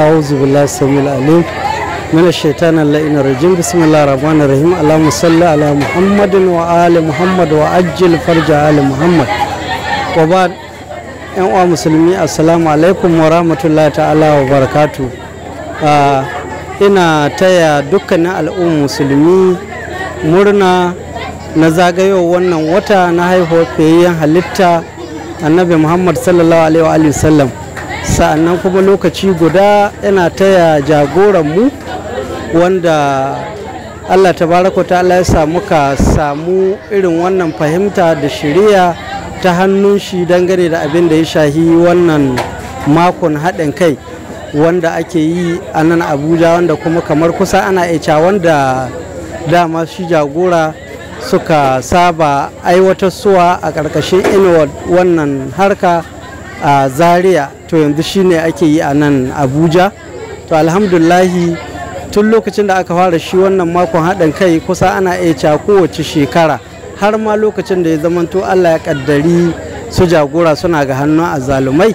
أعوذ بالله السميع العليم من الشيطان اللعين الرجيم بسم الله الرحمن الرحيم اللهم صل على محمد وآل yan uwa musulmi assalamu alaikum wa ta'ala wa ina taya dukkanin al'ummar musulmi murna na zagayowar wannan wata na haihuwar fayayyen halitta annabi muhammad sallallahu alaihi wa sa'annan kuma lokaci guda yana taya mu wanda allah tabaraka ta allah ya samu ka samu irin wannan fahimta da shirya ta hannun shi dangane da abin da ya shahi wannan makon haɗin kai wanda ake yi a nan abuja wanda kuma kamar kusa ana aicha wanda dama shi jagora suka saba aiwatar suwa a ƙarƙashin inuwa wannan harka a zaria to yanzu shine ake yi a nan abuja to alhamdulahi tun lokacin da aka fara shi wannan makon haɗin kai kusa ana iya kowace shekara har ma lokacin da ya zamanto allah ya kaddari su jagora suna ga hannun azalumai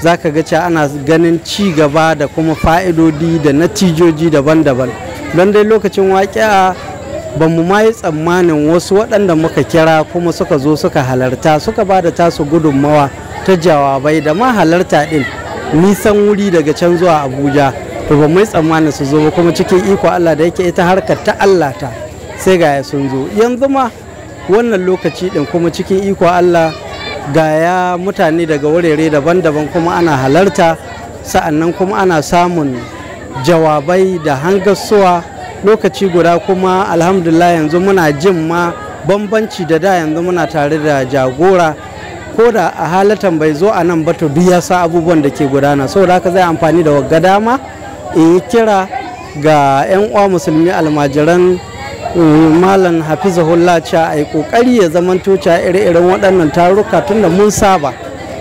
za ka ga cewa ana ganin ci gaba da kuma fa'idodi da natijoji daban-daban don dai lokacin waƙiya ba mu ma yi tsammanin wasu waɗanda muka kira kuma suka zo suka halarta suka ba da tasu gudunmawa ta jawabai da ma halarta din nisan wuri daga can zuwa abuja to ba mai tsammanin su zo kuma cikin iko allah da yake ita harkar ta allah ta sai ga ya sun zo yanzu ma wannan lokaci din kuma cikin iko allah ga ya mutane daga wurare daban-daban kuma ana halarta sa'annan kuma ana samun jawabai da hangassuwa lokaci guda kuma alhamdulillah yanzu muna jin ma bambanci da da yanzu muna tare da jagora ko da a halatan bai zo a nan ba to duk ya sa abubuwan da ke gudana saboda haka zai amfani da wagga dama in yi kira ga 'yan uwa musulmi almajiran eh, malam hafizahullah cewa a yi kokari ya zaman tuca ire-iren waɗannan taruka tunda mun saba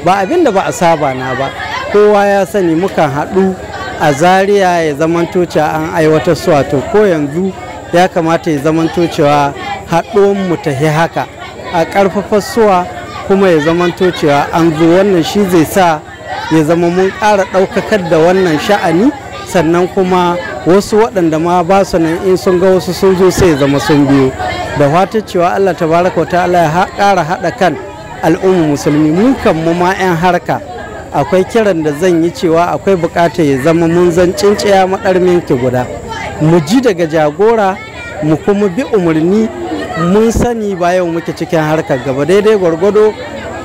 ba abin da ba a saba na ba kowa ya sani mukan haɗu a zaria ya zaman tuca an aiwatar su wato ko yanzu ya kamata ya zaman tucewa haɗuwan mu tafi haka a ƙarfafa suwa kuma ya zama cewa an zo wannan shi zai sa ya zama mun ƙara ɗaukakar da wannan sha'ani sannan kuma wasu waɗanda ma ba su nan in sun ga wasu sun zo sai ya zama sun biyo. da fatan cewa allah tabaraka wa ta'ala ya ƙara haɗa kan al'umma musulmi mun kan mu ma 'yan harka akwai kiran da zan yi cewa akwai buƙatar ya zama mun zan cinciya maɗar ki guda mu ji daga jagora mu kuma bi umarni mun sani ba yau muke cikin harkar gaba daidai gwargwado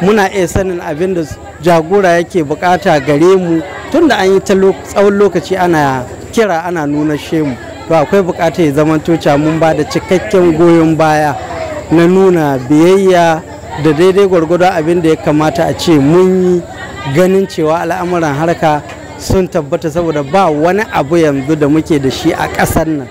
muna iya sanin abin da jagora yake bukata gare mu tun da an yi ta tsawon lokaci ana kira ana nuna shemu to akwai bukatar ya zaman toca mun ba da cikakken goyon baya na nuna biyayya da daidai gwargwado abin da ya kamata a ce mun yi ganin cewa al'amuran harka sun tabbata saboda ba wani abu yanzu da muke da shi a ƙasar nan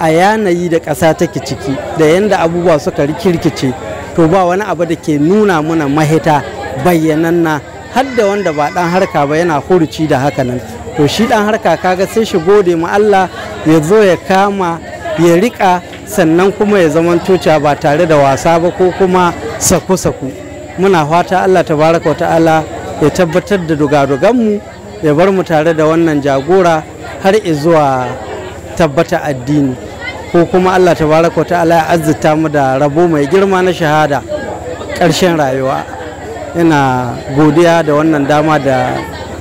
a yanayi da ƙasa take ciki da yadda abubuwa suka rikirkice to ba wani abu da ke nuna mana mahita bayyananna har da wanda ba ɗan harka ba yana huruci da hakanan to shi ɗan harka kaga sai shi gode ma Allah ya zo ya kama ya rika sannan kuma ya zaman toca ba tare da wasa ba ko kuma saku-saku muna fata Allah tabaraka wata ta'ala ya tabbatar da mu ya bar mu tare da wannan jagora har zuwa tabbata addini ko kuma Allah ta tabaraka ta'ala ya azzita mu da rabo mai girma na shahada karshen rayuwa ina godiya da wannan dama da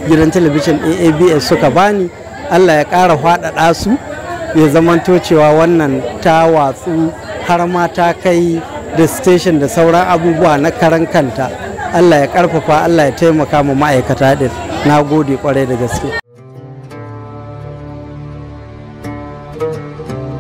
gidan talabijin aabs suka bani Allah ya kara faɗaɗa su ya zamanto cewa wannan ta watsu har ma ta kai da station da sauran abubuwa na karan kanta Allah ya karfafa Allah ya taimaka ma ma'aikata din na gode kwarai da gaske